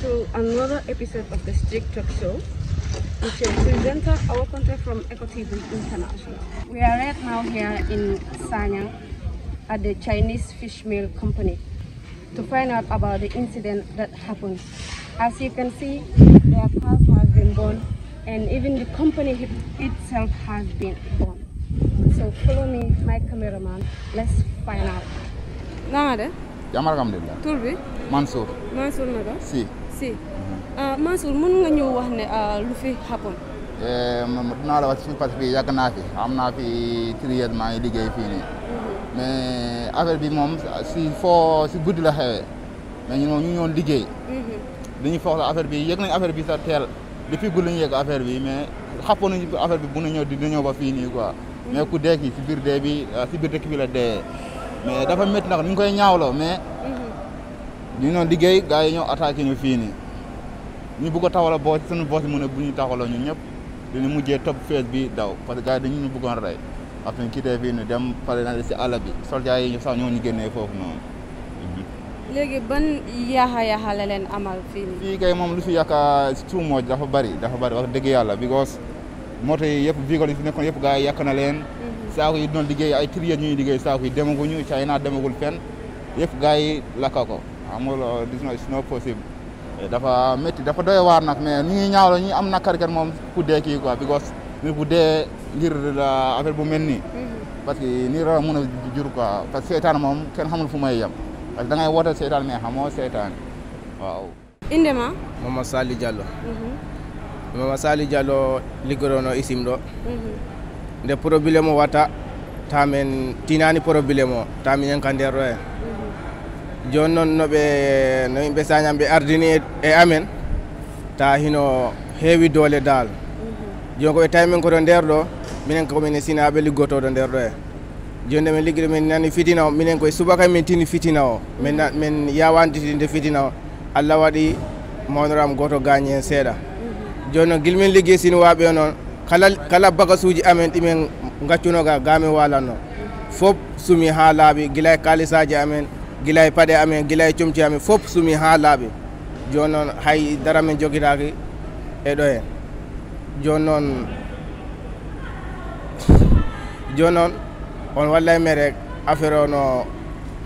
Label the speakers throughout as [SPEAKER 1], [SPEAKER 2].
[SPEAKER 1] welcome to another episode of the Strict Talk Show. which is presenter, our content from EcoTV International. We are right now here
[SPEAKER 2] in Sanya at the Chinese Fish Meal Company to find out about the incident that happened. As you can see, their cars have been burned and even the company itself has been burned. So follow me, my cameraman. Let's find out. Nana de?
[SPEAKER 3] Jamal Gamdilla. Tur bi? Mansour.
[SPEAKER 2] Mansour Si. si euh, Mansour mën nga ñëw wax ne euh, lu fi happen
[SPEAKER 3] eh, dinaa la wax ci parce que yàgg naa fi am naa fi trieusement maa ngi liggéey fii mhm. mais affaire bi moom si foo si guddi la xewee mais ñun moom ñu ñoon liggéey dañuy mhm. foog affaire bi yëg nañ affaire bi sa teel depuis guddi lañu yëg affaire bi mais xappoon affaire bi bu na ñëw di dina ñëw ba fii nii mhm. mais ku dee si biir dee bi ah, si biir dëkk bi la dee mais dafa métti nag ñu ngi koy ñaawloo mais ñu noon liggéey gaa yi ñoo attaqué ñu fii nii ñu bëgg a taxawal boo suñu boos mu ne bu ñu taxawaloo ñun ñëpp dañu mujjee topp fees bi daw parce que gars dañu ñu bëggoon rey après ñu quitté fii nii dem pare na si àll bi soldats yi ñu sax ñoo ñu génnee foofu noonu.
[SPEAKER 1] léegi ban yaaxa yaaxa la leen amal fii nii. fii kay
[SPEAKER 3] moom lu fi yàqa suumoo dafa bari dafa bari wax dëgg yàlla because moto yi yëpp vigole yi fi nekkoon yëpp gars yi yàq na leen. Mhm. saako yi doon liggéey ay trier ñuy liggéey saako yi demaguñu China demagul fenn yëpp gars yi lakka ko amul dis no possible dafa métti dafa doy waar nag mais ñu ngi ñu am nakar kat moom ku dee kii quoi because ni bu dee ngir euh, affaire bu mel nii mm-hmm. parce que nii la mën a jur quoi parce que seetaan moom ken xamul fu
[SPEAKER 4] may yem parce que da ngay woote seetaan mais xamoo waaw indema mama sali diallo mm-hmm. mama sali diallo liggorono isimɗo mm-hmm. nde probléme o watta tamin tinani probléme o tamin joni noon noɓe no yimɓe sañam ɓe ardini e, e amen ta hino heewi doole dal mhm. joni koɓe tawi min koto nder ɗo minen komin sinaɓe liggotoɗo nder ɗo e joni nde min min nani fitina o minen koye subaka min tini fitina o min min yawanditinde fitina o allah waɗi mawnoram goto gagne hen seeɗa
[SPEAKER 1] mhm.
[SPEAKER 4] joni noon guilmin liggey sinowaɓe o noon kala kala bagasuji amen ɗimin gaccunoga gamin walanno mhm. fof sumi ha laaɓi guila e kalisaji amen gilay e paɗe amen guila e comci amen fof sumi ha laaɓe joni noon hay dara men joguitaki e ɗo hen joni noon joni noon on walla mere affaire o no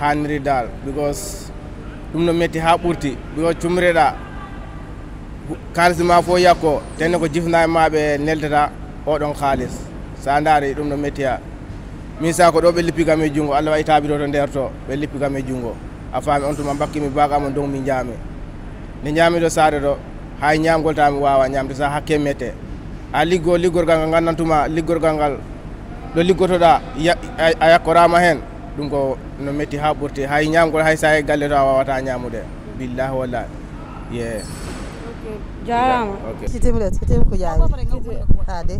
[SPEAKER 4] hanniri dal because ɗum no metti ha ɓurti because cumreɗa kalis ma fof yakko tenne ko jifna e maɓe neldata oɗon haalis sa daari ɗum no metti ha min sa ko ɗo ɓe lippi kam e junngo allah wayi taabi ɗo to nder to ɓe lippi kam e junngo a faami on tuma bakkimi baak amon donc min jaami nde jaami ɗo saare ɗo hay ñamgol tami wawa ñamde sa hakke mette a liggo liggorgal ngal gandantuma liggorgal ngal ɗo liggotoɗa a yakkorama hen ɗum ko no metti ha ɓurti hay ñamgol hay sa e galle to a wawata ñamude billahi walla ye
[SPEAKER 2] jarama sitimlet sitim ko jawi ade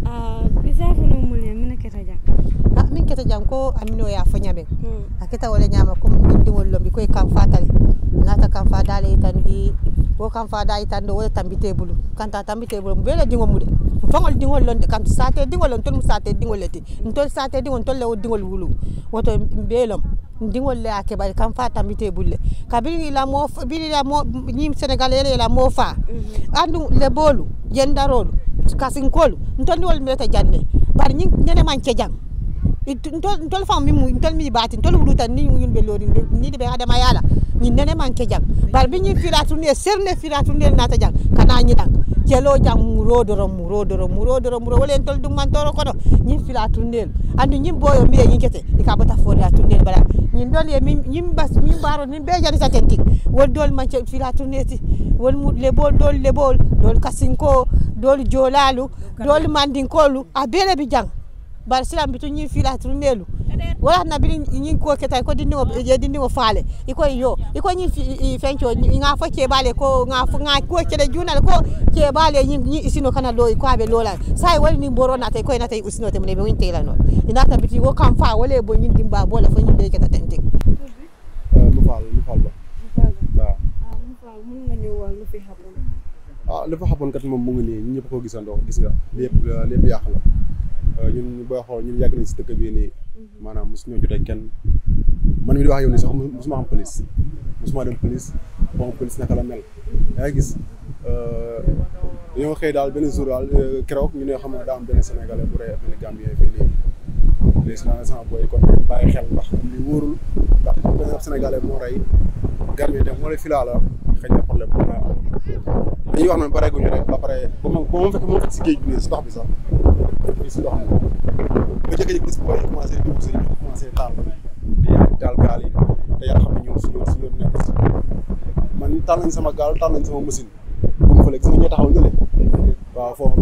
[SPEAKER 2] isafonumulem ketaja a ah, min ketajam ko amino ya fo ñamen hmm. a keta wala ñama comme min diwol lombi koye kam fatale nata kam fa dale tandi wo kam fa da tandi wala tambi tebulu kanta tambi tebulu mo bela dingo mude fangol dingol londe kam sate dingol on tol sate dingol leti ntol sate dingol tol le o dingol wulu woto belom dingol le ake bari kam fa tambi tebulu kabiri la mo biri la mo nyim senegalere la mo mhm. fa andu le bolu jendarolu kasinkolu ntol ni wol meta janne bari ñene man kejang ntol fan mi ntol mi bati ntol wuruta ni yun be lori ni de be adama yala ni nene man kejang bari bi ñi firatu ne serne firatu ne nata jang kana ñi dang kelo jang murodoro murodoro murodoro muro wole en dum man toro kono nyim fila tunnel andu nyim boyo mbiye yinkete ika bata fona tunnel bala nyin dol e nyim bas nyim baro nyim be jadi satenti wol dol man fila tunneti wol mu lebol dol lebol dol kasinko dol jolalu dol mandinkolu a bele bi jang bar silam bitu nyim fila tunnelu wala na biri ñin ko keta ko dindi o je ah. eh, dindi faale iko yo iko ñin fenco nga fo ceebale ko nga fo nga ko cele junal ko ceebale ñin ko abe lola sai wal ni boro na tay ko na tay usino tem ne be winte la ta biti wo kam fa wala bo ñin dimba bo la fo be keta tente
[SPEAKER 5] eh, lu faal lu faal ba ah li ah, fa xamoon kat moom mu ngi nii ñëpp ko gisandoo gis nga lépp lépp yàq la eh, ñun booy xool ñun yàgg nañ si dëkk bii maanaam mosu ñoo jotee kenn man mi di wax yow nii sax mosuma am police mosuma dem police bon police naka la mel yaa ngi gis euh, dañoo xëy daal benn jour daal euh, keroog ñu xam nga daa benn sénégalais bu rey ak benn gambien fii nii léegi naa ne sama booy kon bàyyi xel ndax comme li wóorul ndax benn sénégalais moo rey gambien te moo lay filaa la xëy na problème bu naa am dañuy wax noonu pareeguñu rek bi nii si bi sax bu jékki-jékki gis booy commencé dugg si ñu commencé taal di yàq taal gaal yi te yaa xam ne ñun suñu suñu yoon nekk si man taal nañ sama gaal taal nañ sama machine bu nga taxaw nga waaw foofu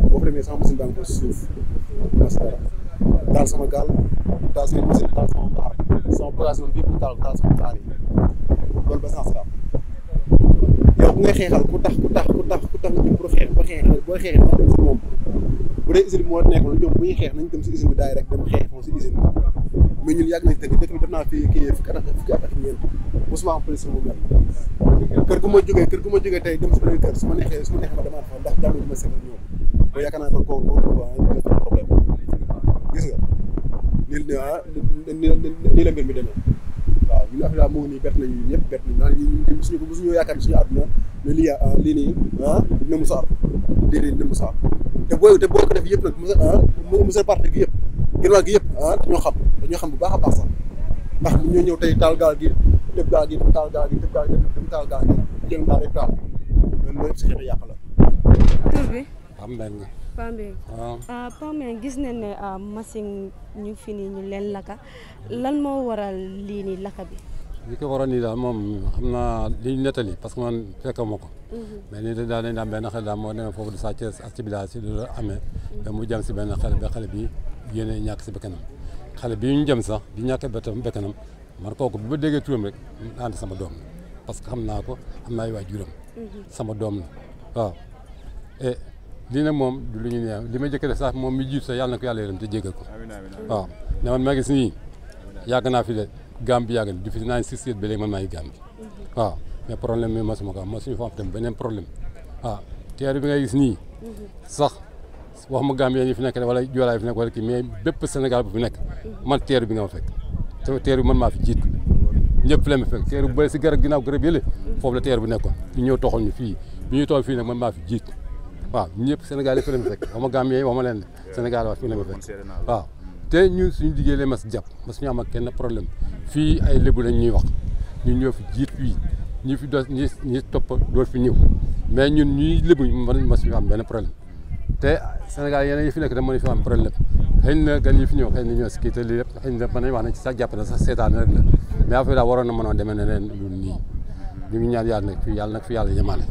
[SPEAKER 5] la boo demee sama machine daa ngi ko suuf la am yow bu ngay xeexal ku tax ku tax ku tax ku tax nga jëm pour xeex ba xeex booy xeex bu dee usine bi moo nekkoon ñoom bu ñuy xeex nañ dem si usine bi daay rek dem xeex foofu si usine bi mais ñun yàgg nañ si dëkk dëkk bi def naa fi kii fukki at ak fukki at ak ñeent mosuma am police mu mel kër gu ma jógee kër gu ma jógee tey dem su ma kër ma neexee su ma ma demaat fa ndax jàmm naa kon nii ah, bett nañu ñëpp bett nañu naan ñun suñu ko suñu yaakaar suñu àdduna ne lii ah, nii ah saar déedéet dina mu saar te booy te boo ko def yëpp nag ah, monsieur monsieur parti gi yëpp ginnaaw gi yëpp ah dañoo xam dañoo xam bu baax a baax sax ndax ñoo ñëw tey taal gaal gi tëb gaal gi taal gaal gi jël gaal rek taal loolu mooy si xeetu yàq la. tur bi. Pambeng.
[SPEAKER 1] Pambeng ah Pambeng gis nañ ne ah, machine ñu fi nii ñu leen laka lan moo waral lii nii laka bi.
[SPEAKER 6] li ko waroon nii daal moom xam naa liñ nettali parce que man fekkoo ma ko. Mhm. mais nii dañ daal dañ daan benn xel daal moo demee foofu di Sa Thiès ak ci village amee. ba mu jëm si benn xale ba xale bi yéene ñàkk si bakkanam xale bi ñu jëm sax di ñàkk bëtam bakkanam man kooku bu ma déggee turam rek naan sama doom la parce que xam naa ko am naa ay waajuram mhm. sama doom la nag moom du lu ñu nee li ma njëkk def sax moom mi jiitu sax yàlla na ko yàlla yërëm te jéggal ko. waaw ne man maa gis nii yàgg naa fi de. Gambie yàgg na du man maa ngi Gambie mhm. mais problème mi masuma ko am masuñu fa am tam beneen problème waaw teer bi ngay gis nii mhm. sax wax ma Gambie yi fi nekk wala Joolaa fi nekk wala kii mais bépp Sénégal bu fi nekk mhm. ma teer bi nga ma fekk sama teer bi man maa fi jiit ñëpp la ma fekk teer bu bëri si garab ginnaaw garab yële foofu la teer bi nekk ñu ñëw toxal fii bi ñuy toxal fii nag man maa fi jiitu waaw ñëpp Sénégal yi fi la ma fekk wax ma Gambie yi wax ma leen Sénégal fi la ma fekk te ñun suñu liggéey lay mas jàpp mas ñu am ak kenn problème ñuy wax ñun ñoo fi jiit fii ñi fi doon ñi ñi topp dool fi ñëw mais ñun ñuy lébu man mas ñu am benn yi fi nekk da mën fi am na yi fi ñëw xëy na ñoo yëpp xëy na mën nañu wax ne sax jàpp na sax seetaan rek la mais affaire daal waroon na mënoon yàlla nag fi yàlla yemaale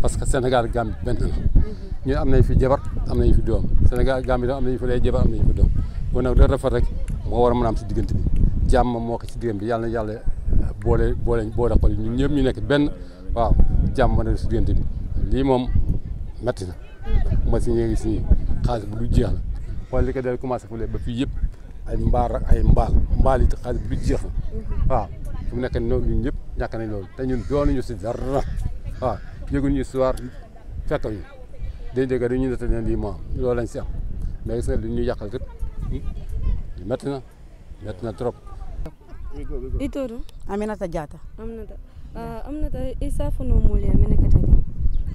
[SPEAKER 6] parce que Sénégal Gambie benn la ñun am nañ fi jabar am na fi doom Sénégal Gambie am nañ fi lay fi doom kon nag loolu rafet rek moo war a mën am si diggante bi jàmm moo ko si diggante bi yàlla na yàlla boole boole boole xol ñun ñëpp ñu nekk benn waaw jàmm mën si diggante bi lii moom metti na ma si ñu ngi si xaalis bu du jeex la wala li ko del commencé fule ba fii yëpp ay mbaar ak ay mbaal mbaal it xaalis bu jeex la waaw fu mu ñëpp ñàkk nañ loolu te ñun doonuñu si dara waaw yëguñu histoire fekkaw ñu day dégg dañuy nettali ne lii moo lañ si am mais ñu yàqal depuis Maintenant Maintenant trop. i
[SPEAKER 1] toro aminata jata aminata uh, aminata i mole aminata jata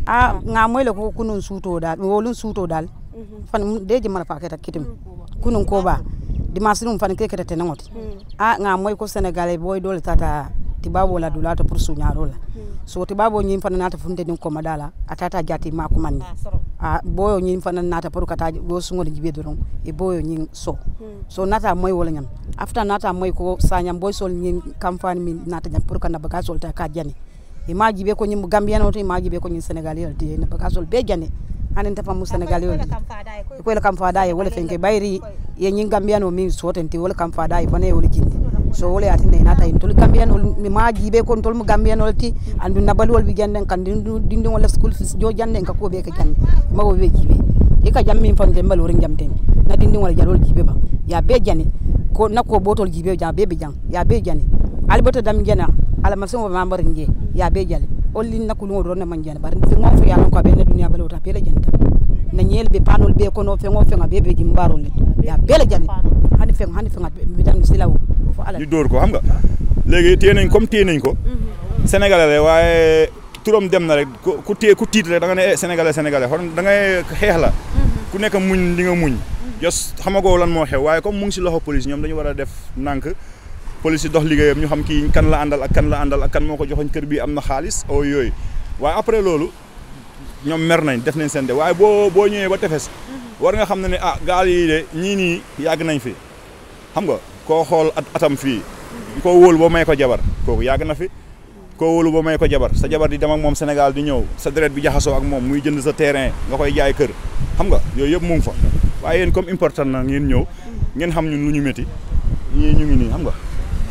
[SPEAKER 1] a nga moyle ko kunun suto dal wolun suto dal mhm. fan deje mana paketa kitim kunun ko ba dimanche dum fan keketa tenangoti mhm. a ah, nga moy ko senegalais boy dole tata tibabo la dulata pour suñaro mhm. so tibabo nyim fan nata funde din ko madala atata jati ma ko manni ah, a ah, boyo ñin fana nata paru kata go sungo ni jibe dorong e boyo nyin so hmm. so nata moy wala ñam afta nata moy ko sañam boy sol nyin kamfani min nata nyam paru kana baka sol ta ka jani e ma jibe ko nyim gambian wote e ma jibe ko nyim senegal yol de na baka sol be jani anen ta mu senegal yol ko kam fa e wala fenke bayri ye nyin gambian o min soten wala kam fa e fana wala jindi soole ati wole atinna ina tayin tol mi ma jiiɓe kon tol mo gambiyanol ti andu nabal nabaluwol bi jande kan dindu lef school fis jo janden ka be ka jande ma wo be jibe e ka jammi jam de fonde wor jamte na dindu dindingol jalol jibe ba ya be jani ko botol jibe ja be be jang ya be jani al alibota dam jana ma mambar nge ya be jali jale olli nakkuluŋo dorona man jana bari feŋo fo yalan ko a be na duniya balota bele janta na ñeel be panol be ko no kono feŋo feŋa be be jimbarol le ya bele jani hani feŋ hani feŋa bitan silawo
[SPEAKER 7] ñu door ko xam nga léegi téye nañ comme téye nañ ko mm-hmm. sénégalais lay waye turam dem na rek ku téye ku tit rek da nga ne eh, sénégalais sénégalais xon da ngay xeex la mm-hmm. ku nekk muñ li nga muñ jos mm-hmm. xamago lan mo xew waye comme mu ngi ci loxo police ñom dañu wara def nank police dox liggéeyam ñu xam ki kan la andal ak kan la andal ak kan moko ko joxoñ kër bi amna xaaliss o yoy waye après lolu ñom mer nañ def nañ Wa dé waye bo bo ñëwé ba tefes war nga xam na né ah gaal yi dé ñi ni yag nañ fi xam nga koo xool at atam fii koo wóolu ba may ko jabar kooku yàgg na fi koo wóolu may ko jabar sa jabar di dem ak moom Sénégal di ñëw sa deret bi jaxasoo ak moom muy jënd sa terrain nga koy jaay kër xam nga yooyu yëpp mu ngi fa waaye yéen comme important na ñëw ngeen xam ñun lu ñu métti ñii ñu ngi nii xam nga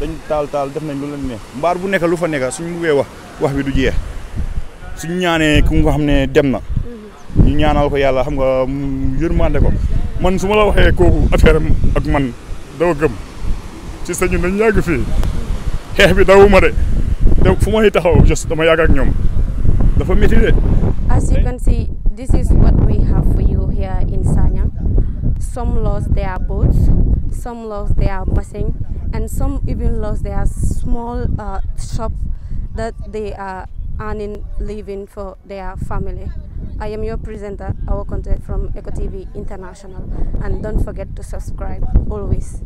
[SPEAKER 7] dañ taal taal def nañ lu leen ne mbaar bu nekk lu fa nekk suñu buggee wax wax bi du jeex suñu ñaanee ku nga xam ne dem na ñu ñaanal ko yàlla xam nga yërmande ko man su ma la waxee kooku affaire am ak man dawa gëm ci bi dawuma de donc taxaw just dama ak dafa métti de. As
[SPEAKER 2] you can see, this is what we have for you here in Sanya. Some lost their boats, some lost their machine, and some even lost their small uh, shop that they are earning living for their family.
[SPEAKER 1] I am your presenter, our content from EcoTV International, and don't forget to subscribe always.